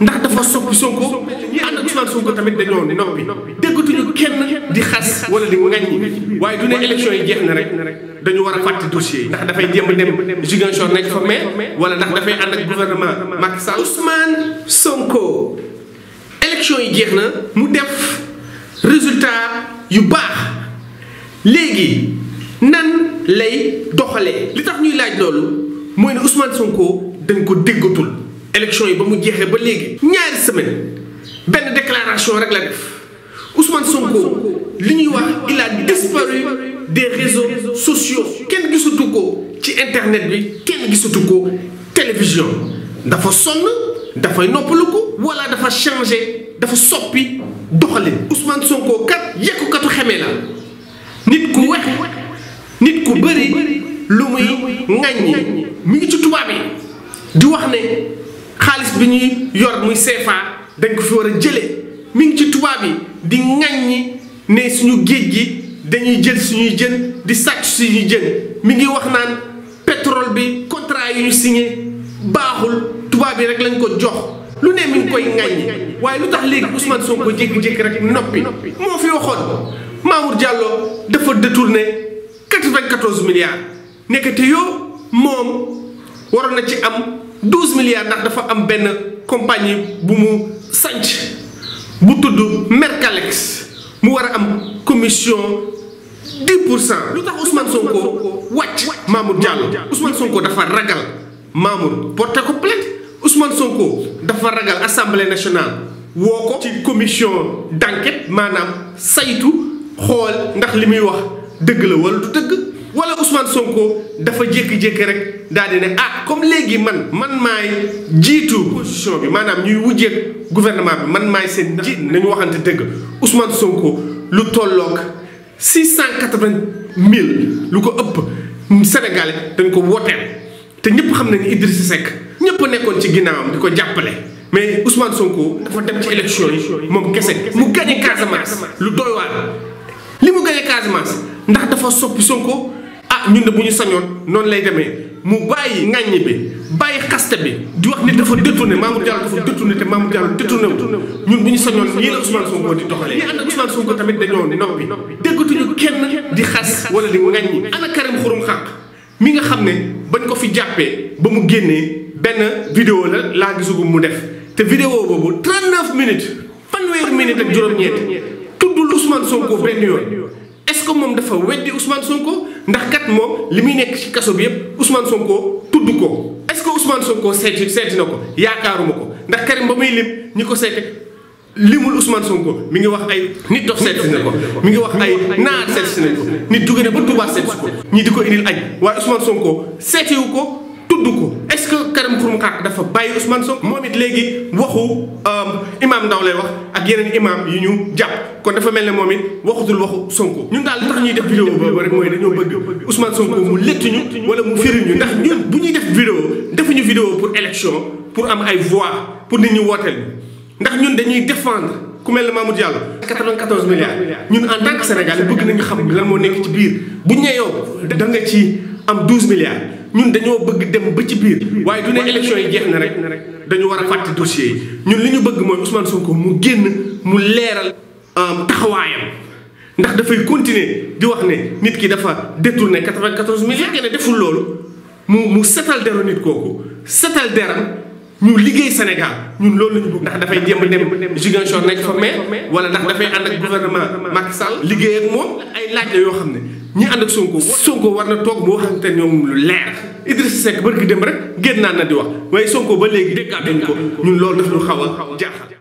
ndax dafa soppi Sonko ànd ak Ousmane Sonko tamit dañoo noppi déggatuñu kenn di xas wala di ŋaññi waaye du ne élection yi jeex na rek dañu war a fàtte dossier yi ndax dafay jéem a dem Ziguinchor nekk fa mais wala ndax dafay ànd ak gouvernement Macky Sall. Ousmane Sonko élection yi jeex na mu def résultat yu baax léegi nan lay doxale li tax ñuy laaj loolu mooy ne Ousmane Sonko dañ ko déggatul. élection yi ba mu ba semaine Ben déclaration rek la def Ousmane Sonko il a disparu des réseaux sociaux kenn gisatu ci internet bi kenn télévision dafa sonn fait wala dafa changé dafa soppi Ousmane Sonko kat la nit nit mi ngi ci xaalis bi ñuy yor muy CFA dañ ko fi war a jële mi ngi ci tubaab yi di ŋaññi ne suñu géej gi dañuy jël suñuy jën di sàcc suñuy jën mi ngi wax naan pétrole bi contrat yu ñu signé baaxul tubaab yi rek lañ ko jox. lu ne mi ngi koy ŋaññi waaye lu tax léegi Ousmane Sonko jékki-jékki rek noppi moo fi waxoon Mamour jàlloo dafa détourné 94 milliards nekkate yoo moom waroon na ci am. 12 milliards ndax dafa am ben compagnie bu mu sanc bu tudd Mercalex mu war am commission 10%. pour cent lu tax Ousmane Sonko wàcc Mamour Diallo Ousmane Sonko dafa ragal Mamour porté ko plainte Ousmane Sonko dafa ragal assemblée nationale woo ko ci commission d'enquête maanaam saytu xool ndax li muy wax dëgg la wala du dëgg Ousmane Sonko dafa jékki-jékki rek daal di ne ah comme léegi man man maay jiitu position bi maanaam ñuy wujjeeg gouvernement bi man maay seen ji nañu waxante dëgg Ousmane Sonko lu tollook six cent quatre-vingt lu ko ëpp Sénégalais dañ ko wooteel te ñëpp xam nañu Idrissa Seck ñëpp nekkoon ci ginnaawam di ko jàppale mais Ousmane Sonko dafa dem ci élection yi moom kese mu gagné Casamance lu doy waar li mu gagné Casamance ndax dafa soppi Sonko ñun ne bu ñu sañoon noonu lay demee mu bàyyi ŋàññi bi bàyyi xaste bi di wax ne dafa détourné Mamour Diallo dafa détourné te Mamour Diallo détourné wu ñun bu ñu sañoon nii la Ousmane Sonko di doxalee. ñi ànd ak Ousmane Sonko tamit dañoo ni noppi déggatuñu kenn di xas wala di ŋàññi ana Karim Xurum mi nga xam ne bañ ko fi jàppee ba mu génnee benn vidéo la laa gisugum mu def te vidéo boobu 39 minutes fanweeri minutes ak juróom-ñeent tuddul Ousmane Sonko benn yoon est-ce que moom dafa weddi Ousmane Sonko. ndax kat moom li muy nekk ci kaso bi yëpp Ousmane Sonko tudd ko est-ce que Ousmane Sonko seeti seeti na ko yaakaaruma ko ndax Karim ba muy lim ñi ko seeti limul Ousmane Sonko mi ngi wax ay nit dox seeti na ko mi ngi wax ay naar seeti na ko nit jóge na ba Touba seeti ko ñi di ko indil añ waaye Ousmane Sonko seetiwu ko tudd ko est-ce que Karim Xrum Xax dafa bàyyi Ousmane Sonko moom it léegi waxu euh, Imam Ndaw lay wax ak yeneen imam yi ñu jàpp kon dafa mel ne moom it waxutul waxu Sonko ñun daal li tax ñuy def vidéo boobu rek mooy dañoo bëgg Ousmane Sonko mu létt ñu wala mu firi ñu ndax ñun bu ñuy def vidéo defuñu vidéo pour élection pour am ay voix pour nit ñi wooteel ndax ñun dañuy défendre ku mel ne Mamour Diallo 94 milliards ñun en tant que sénégalais bëgg nañu xam lan moo nekk ci biir bu ñëwee da nga ci am 12 milliards ñun dañoo bëgg dem ba ci biir waaye du ne élection yi jeex na rek dañu war a fàtte dossier yi ñun li ñu bëgg mooy Ousmane ko mu génn mu leeral taxawaayam ndax dafay continuer di wax ne nit ki dafa ne quatre-vingt-quatorze milliards ne deful loolu mu mu setal deru nit kooku setal deram ñu liggéey Sénégal ñun loolu la ñu bëgg ndax dafay jéem dem Ziguinchor nekk fa mais wala ndax dafay ànd ak gouvernement Macky Sall liggéey ak moom ay laaj la yoo xam ne ñi ànd ak Sonko Sonko war na toog boo xam te ñoom lu leer Idrissa Seck bërki dem rek génn naa na di wax waaye Sonko ba léegi déggaatuñ ko ñun loolu daf lu xaw a jaaxal